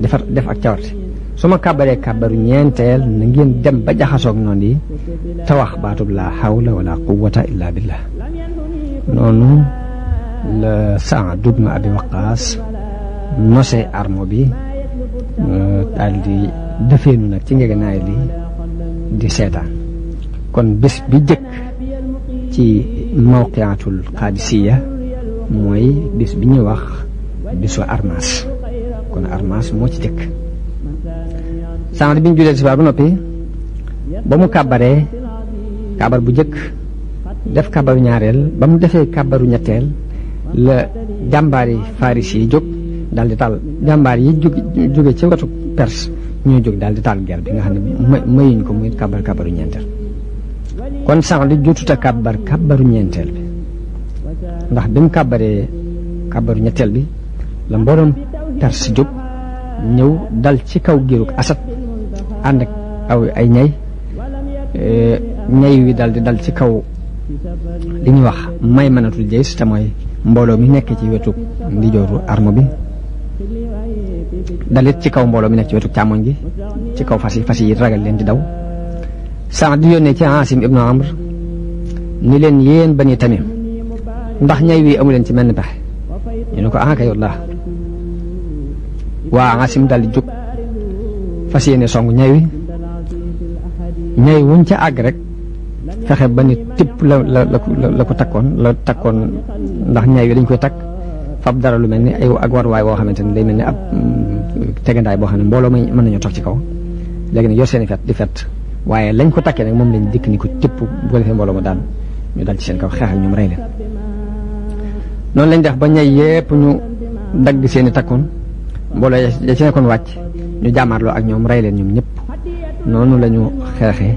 defar def ak cawarte su ma kàbbaree ya, kàbbaru ñeenteel na ya, ngeen dem ba jaxasoog noonu yi te wax baatub laa hawla wala quwwata illa billah noonu la Saad ibn Abi waqas nosé armo bi daal di dëfeenu nag ci ngegenaay li di seetaan kon bis bi jëkk ci mawqiatul qaadisiya mooy bis bi ñu wax bisu armas kon armas moo ci jëkk sànq bi ñu julee subaa ba noppi ba mu kàbbaree kàbbar bu jëkk def kàbbaru ñaareel ba mu defee kàbbaru ñetteel la jàmbaari farisi jóg di tal jàmbaar yi jóge ci wetu perse ñu jog dal di tal ger bi nga xam ne mayuñ ko muy kabar kabaru ñentel kon sax li jottu ta kabar kabaru ñentel bi ndax bi kabaré kabaru ñettel bi la mbooloom tar ci jóg ñew dal ci kaw giirug asat and ak aw ay ñay ñay wi dal di dal ci kaw li ñu wax may mënatul jees ta moy mbooloo mi nekk ci wetu ndijoru armo bi dalit ci kaw mbooloo mi nekk ci wetu càmmoñ gi ci kaw fas yi yi ragal leen di daw sax di yónnee ci Asim ibnu Amr ni leen yéen bani tamit ndax ñay wi amu leen ci ni pexe ñu ne ko ah kay wallah waa Asim daal di jóg fas yéene song ñay wi ñay wuñ ca àgg rek fexe ba ni tipp la la la ko takkoon la takkoon ndax ñay wi dañ koy takk fab dara lu mel ni ay ak waruwaay boo xamante ni day mel ni ab mm, tegandaay boo xam ne mbooloo may mën nañoo toog ci kaw léegi nag yor seen fet di fet waaye lañ ko takkee nag moom lañ dikk ni ko tépp bu ko defee mbooloo ñu dal ci seen kaw xeex ak ñoom lañ def ba ñay yépp ñu dagg seen i takkoon mbooloo ya ci nekkoon wàcc ñu jaamaarloo ak ñoom rey leen ñoom ñëpp noonu lañu xeexee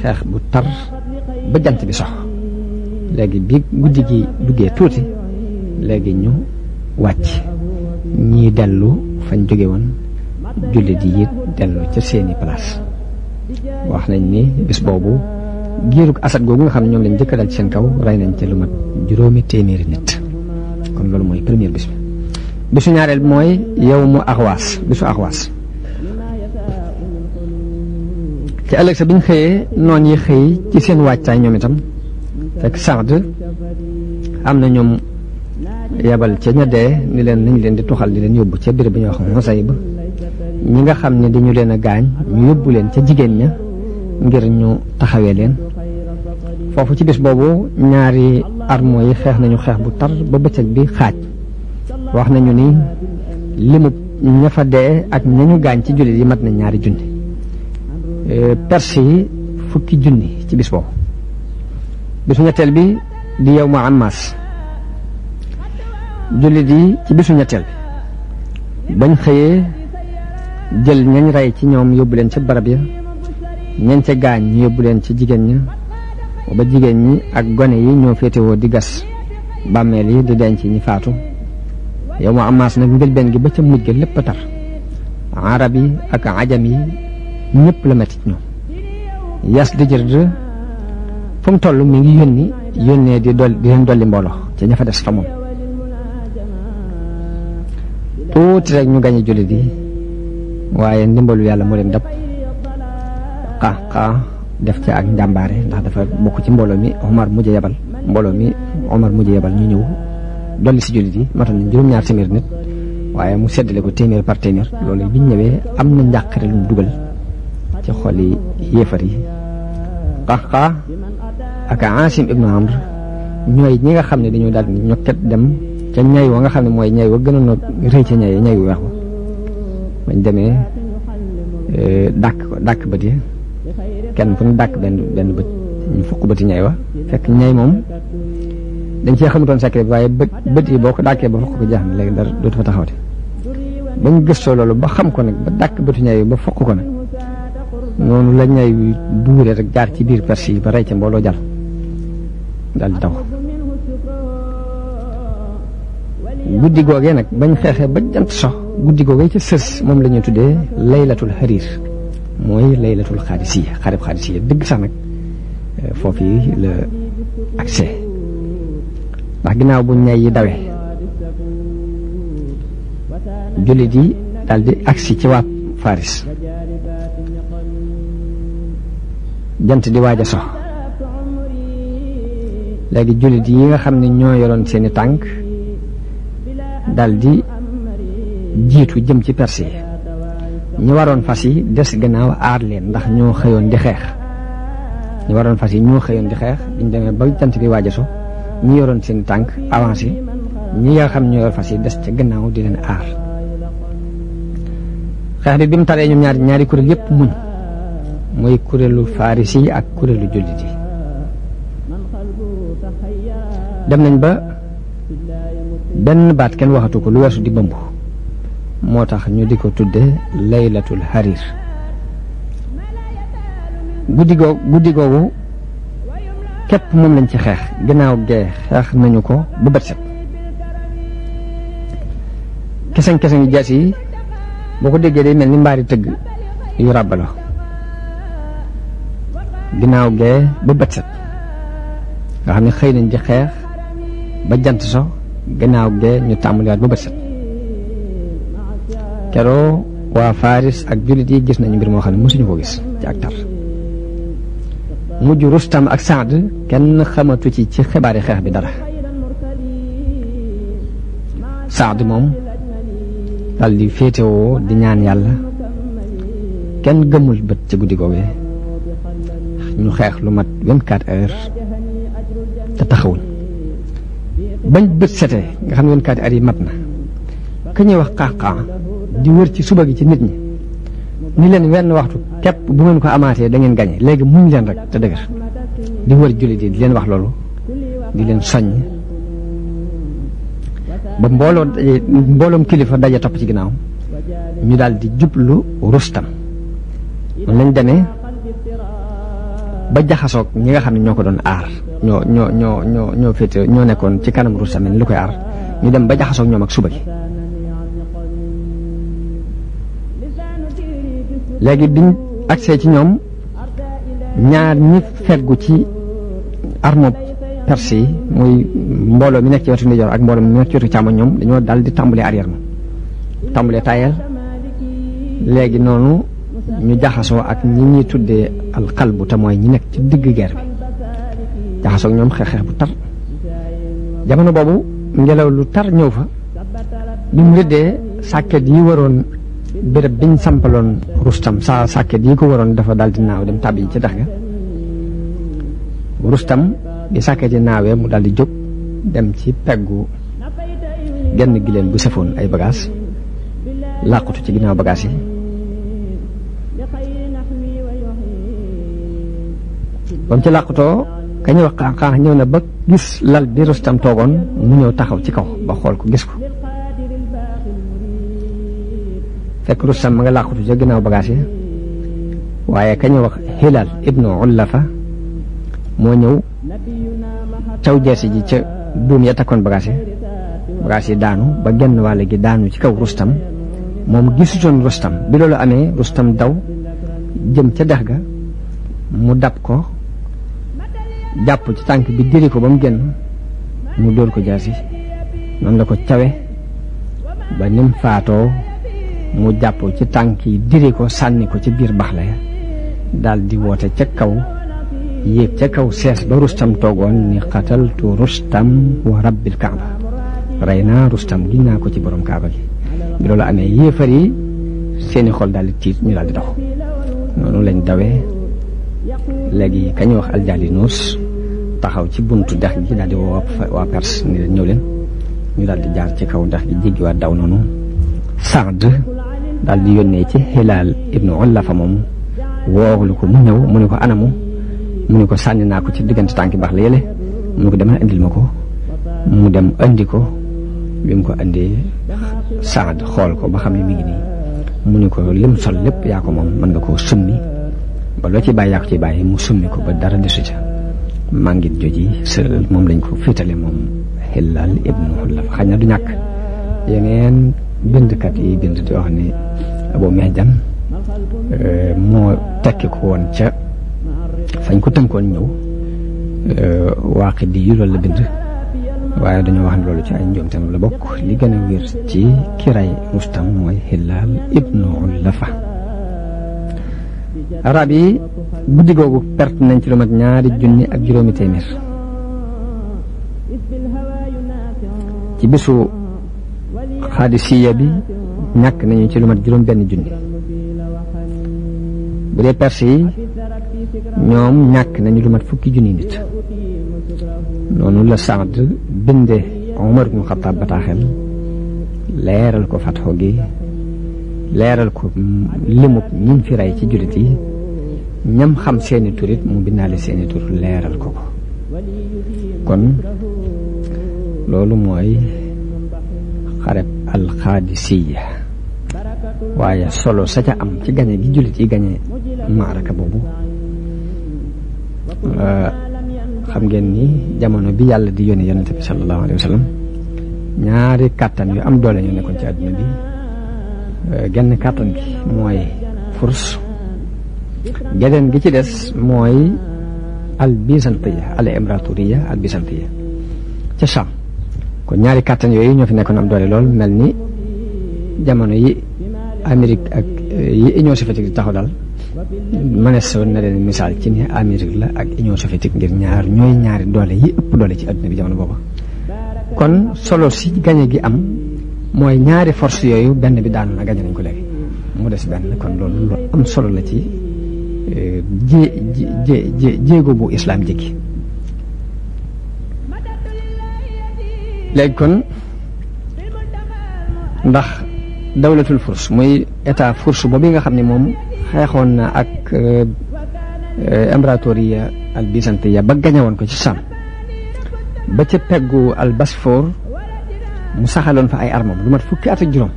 xeex bu tar ba jant bi sox léegi bi guddi gi duggee tuuti léegi ñu wàcc ñii dellu fañ jóge woon jullit yi it dellu ca seeni place wax nañ ni bis boobu giirug asat googu nga xam ñoom lañ njëkk dal ci seen kaw rey nañ ca lu mat juróomi téeméeri nit kon loolu mooy première bis bi bisu ñaareel bi mooy yow mu axwaas bisu axwaas ci ëllëg sa biñ xëyee noon yi xëy ci seen waajtaay ñoom itam fekk sard am na ñoom yabal ca ña dee ni leen nañ leen di tuxal di leen yóbbu ca bir bi ñuy wax Nusayb ñi nga xam ne dañu leen a gaañ ñu yóbbu leen ca jigéen ña ngir ñu taxawee leen foofu ci bis boobu ñaari armo yi xeex nañu xeex bu tar ba bëccëg bi xaaj wax nañu ni limu ña fa dee ak ñu gaañ ci jullit yi mat na ñaari junni euh, persi yi fukki junni ci bis boobu bisu ñetteel bi di yow ma jullit yi ci bisu ñetteel bi bañ xëyee jël ñañ rey ci ñoom yóbbu leen ca barab ya ñañ ca gaañ ñu yóbbu leen ci jigéen ñi ba jigéen ñi ak gone yi ñoo féetewoo di gas bàmmeel yi di denc ñi faatu yow ma amaas nag njëlbeen gi ba ca mujj lépp a tar arab yi ak ajam yi ñépp la metti ñoom yas di jërd fu mu toll mi ngi yónni yónnee di dolli di leen dolli mbooloo ca ña fa des fa moom tuuti rek ñu gañe jullit yi waaye ndimbalu yàlla moo leen dab xaaxaa def ci ak njàmbaare ndax dafa bokk ci mbooloo mi Omar mujj yebal mbooloo mi Omar mujj yebal ñu ñëw dolli si jullit yi matoon nañ juróom-ñaar téeméer nit waaye mu seddale ko téeméer par téeméer loolu ñu ñëwee am na njàqare lu mu dugal ci xoli yéefar yi xaaxaa ak Asim ibnu Amr ñooy ñi nga xam ne dañoo daal di ñokket dem ca ñay wa nga xam ne mooy ñay wa gënoon a rëy ca ñay ñay wu weex wa bañ demee e, dàkk ko dàkk bët yi kenn fu ñu dàkk benn bët ñu fukk bëti ñay wa fekk ñay moom dañ cee xamutoon secret bi waaye bët bët yi boo ko dàkkee ba fokk ko jeex na léegi dara dootu ba taxawte bañ gëstoo loolu ba xam ko nag ba dàkk bëtu ñay ba fokk ko nag noonu la ñay wi duuree rek jaar ci biir persi yi ba rey ca mbooloo jàll daal di taw guddi googee nag bañ xeexee ba jant sox guddi googee ca sës moom lañuy tuddee laylatul xariir mooy laylatul xaadisiya xarib xaadisiya dëgg sax nag euh, foofu yi la accès ndax ginnaaw bu ñay yi dawee jullit yi daal di agsi ci waa Faris jant di waaj a sox léegi jullit yi nga xam ne ñoo yoroon seeni tànk daldi jitu jëm ci persi. ñi waron fas yi des gannaaw aar leen ndax ño xeyon di xex ñi waron fas yi ñoo xëyoon di xex biñ demee ba tant bi wajaso ñi yoron seen tank avancé ñi nga xam ñoo fas yi di leen aar xex bi bim taré ñaar ñaari kurel yépp muñ moy kurelu farisi ak kurelu jullit dem nañ ba benn baat kenn waxatu ko lu weesu di bëmb moo tax ñu di ko tudde laylatul harir guddi googu guddi képp moom lañ ci xeex ginnaaw gee xeex nañu ko ba bët set keseŋ keseŋ yi jaas yi boo ko déggee day mel ni mbaari tëgg yu ràbbaloo ginnaaw gee ba bët set nga xam ne xëy nañ ci xeex ba jant so gannaaw gee ñu tàmbaliwaat ba bët set keroo waa Faris ak jullit yi gis nañu mbir moo xam ne mosuñu ko gis ci ak tar mujj Rustam ak Saad kenn xamatu ci ci xibaari xeex bi dara Saad moom daldi di féetewoo di ñaan yàlla kenn gëmmul bët ci guddi googee ñu xeex lu mat vingt-quatre heures te taxawul bañ bët sété nga xam ne kaati ari matna ka ñu wax qaaqa di wër ci suba gi ci nit ñi ni leen wenn waxtu kep bu ngeen ko amaté da ngeen gañe légui muñ leen rek te dëgër di wër julli di leen wax loolu di leen sañ ba mbolo mbolom kilifa dajé top ci ginaaw ñu dal di jublu rustam lañ demee ba jaxaso ñi nga xamni ñoko doon aar ñoo ñoo ñoo ñoo ñoo féete ñoo nekkoon ci kanam ruus amen li koy ar ñu dem ba jaxaso ñom ak suba gi léegi biñ accé ci ñom ñaar ñi feggu ci armo persi. yi muy mbooloo mi nek ci wetu ndior ak mbolo mi nek ci wetu càmmoñ ñom dañu dal di tàmbalee arrière ma tàmbalee tayel léegi nonu ñu jaxaso ak ñi tuddé al qalbu ta moy ñi nek ci digg guerre jaxasoo ñom xex xex bu tar jamono bobu ngelaw lu tar ñew fa bi mu saket yi waron biñ sampaloon rustam sa saket yi ko waroon dafa dal di naaw dem tàbbi ci tax nga rustam bi saket yi naawee mu dal di jóg dem ci peggu genn gileen bu safoon ay bagaas làqutu ci ginnaaw bagaas yi bam ci làqutoo ka ñuy wax xànqaax ñëw na ba gis lal bi Rustam toogoon mu ñëw taxaw ci kaw ba xool ko gis ko fekk Rustam ma nga làqatu ca ginnaaw bagage waaye ka ñuy wax Hilal ibnu Ullafa moo ñëw caw jeesi ji ca buum ya takkoon bagage yi yi daanu ba genn wàll gi daanu ci kaw Rustam moom gisutoon Rustam bi loolu amee Rustam daw jëm ca dex ga mu dab ko jàpp ci tànk bi diri ko ba mu génn mu dóor ko jaasi noonu la ko cawe ba nim faatoo mu jàpp ci tànk yi diri ko sànni ko ci biir baxla ya daldi woote ca kaw yéeg ca kaw sees ba rustam toogoon ni xataltu rustam wa rabbil kaaba rey naa rustam giñ naa ko ci borom kaaba gi bi loolu amee yéefar seeni xol daal di tiit ñu daal dox noonu lañ dawee léegi kañ wax aljaali taxaw ci buntu dex gi daal di woo waa Perse ni leen ñëw leen ñu daal di jaar ci kaw dex gi jéggiwaat daw noonu Sard daal di yónnee ci Hilaal ibnu Ullafa moom woowlu ko mu ñëw mu ne ko anamu mu ne ko sànni naa ko ci diggante tànki bax la yële mu ne ko demal indil ma ko mu dem andi ko bi mu ko andee Sard xool ko ba xam ne mi ngi nii mu ne ko lim sol lépp yaa ko moom mën nga koo summi ba loo ci bàyyi yaa ko ci bàyyi mu summi ko ba dara desu ca màngit joji sëral moom lañ ko féetale moom Hilaal ibnu Hullaf xañ na du ñàkk yeneen bindkat yi bind di wax ne Abu Mihjan euh, moo tekki ko woon ca fañ ko tënkoon ñëw euh, waaqi di yu loolu la bind waaye dañoo wax ne loolu ci ay njuumteem la bokk li gën a wér ci kiray mustam mooy Hilaal ibnu Hullafa arab yi guddi googu perte nañ ci lu mat ñaari junni ak juróomi téeméer ci bisu xaadisiya bi ñàkk nañu ci lu mat juróom benn junni bu dee perse yi ñoom ñàkk nañu lu mat fukki junni nit noonu la Saad binde Omar ibnu Xataab bataaxel leeral ko fatxo gi leeral ko limub ñim fi rey ci jullit yi ñam xam seeni turit mu bindaale seeni tur leeral ko ko kon loolu mooy xareb alxaadisiya waaye solo sa am ci gañe gi jullit yi gañe maaraka boobu euh, xam ngeen ni jamono bi yàlla di yónni yonente bi sallallahu alayhi wa ñaari kàttan yu am doole ñu nekkoon ci àdduna bi Euh, genn kàttan gi mooy furs geneen gi ci des mooy al bizantiya al imraturiya al bizantiya ca Sham kon ñaari kattan yooyu ñoo fi nekkoon am doole lool mel ni jamono yi Amérique ak euh, yi Union soviétique di taxaw dal mënees woon na leen misaal ci ne Amérique la ak Union soviétique ngir ñaar ñooy ñaari doole yi ëpp doole ci adduna bi jamono booba kon solo si gañe gi am mooy ñaari force yooyu benn bi daanu na gañe nañ ko léegi mu des benn kon loolu lu am solo la ci jé jéego bu islaam jéggi léegi kon ndax dawlatul furs muy état furs boobu nga xam ne moom xeexoon na ak euh, imbratoriya al byzantiya ba gañe woon ko ci Saam ba ca peggu al Basfor mu saxaloon fa ay armam lu mat fukki at ak juróom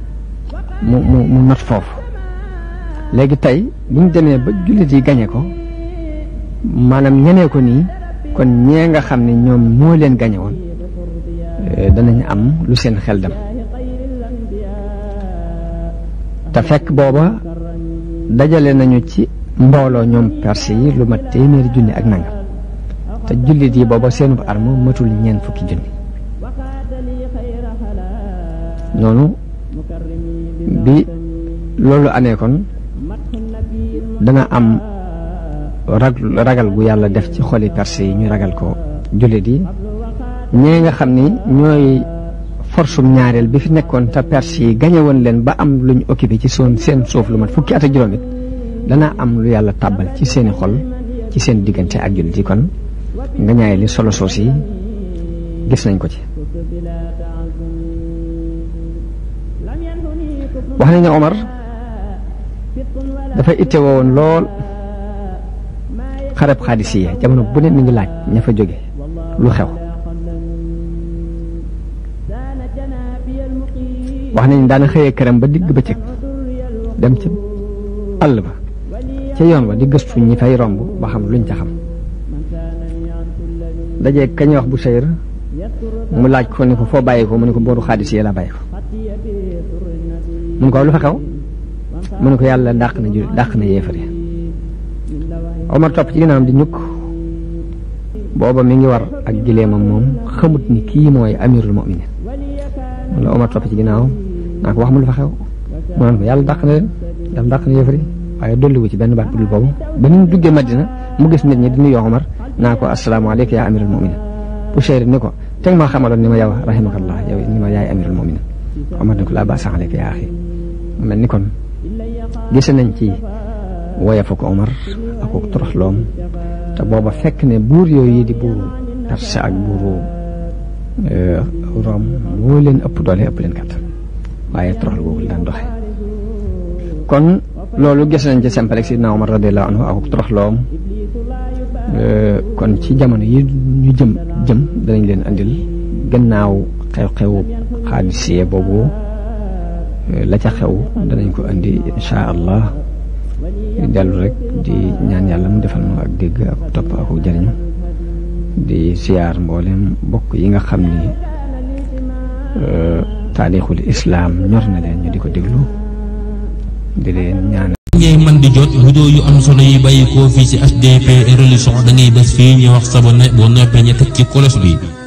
mu mu mat foofu léegi tey bu ñu demee ba jullit yi gañe ko maanaam ñenee ko nii kon ñee nga xam ne ñoom moo leen gañe woon eh, danañ am lu seen xel dem te fekk booba dajale nañu ci mbooloo ñoom perse yi lu mat téeméeri junni ak nangam te jullit yi booba seenu arme matul ñeen fukki junni noonu bi loolu amee kon dana am ragal gu yàlla def ci xoli perse yi ñu ragal ko jullit yi ñee nga xam ni ñooy force ñaareel bi fi nekkoon te perse yi gañe leen ba am luñ occupé ci soon seen suuf lu mat fukki ata ak juróom am lu yàlla tàbbal ci seeni xol ci seen diggante ak jullit yi kon nga ñaay li solo soos yi gis nañ ko ci wax nañ ne Omar dafa ittewoo woon lool xarab xaadisiya jamono bu ne mi ngi laaj ña fa jóge lu xew wax nañ daana xëyee këram ba digg bëccëg dem ci àll ba ca yoon ba di gëstu ñi fay romb ba xam luñ ca xam dajee kañ wax bu seyr mu laaj ko ni ko foo bàyyi ko mu ni ko booru xaadisiya la bàyyi ko mu ne ko lu fa xew mu ko yàlla dàq na ju dàq na yéefare Omar topp ci ginnaawam di ñukk booba mi ngi war ak gileemam moom xamut ni kii mooy amirul mu'minin mu la Omar topp ci ginnaaw naa ko wax mu lu fa xew mu naan ko yàlla dàq na leen yàlla dàq na yéefare waaye ci benn baat bu dul boobu ba ni mu duggee Madina mu gis nit ñi di nuyoo Omar naa ko asalaamaaleykum yaa amirul mu'minin Bushayr ni ko teg maa xamaloon ni ni ma yaay amirul mu'minin Omar yaa axi melni kon gisse nañ ci woyafuk omar akuk toroxloom ta boba fekk ne yoy yi di buru, perse ak euh rom wo len ëpp doole ëpp len kat waye gogul dan doxe kon lolu gisse nañ ci sempalex sidna omar radhiyallahu anhu akuk toroxloom eh, kon ci jamono yi ñu jëm jëm dañ leen andil gannaaw xew xew xaadisiye bobu la ca xew danañ ko indi incha allah dellu rek di ñaan yàlla mu defal nu ak dégg ak topp ak jëriñu di siyaar mboolem bokk yi nga xam ni euh, taarixul islaam ñor na leen ñu di ko déglu di leen ñaan ngay man di jot vidéo yu am solo yi bàyyi koo fii ci HDP religion da ngay bés fii ñu wax sabonné boo noppee ñu ci kolos bi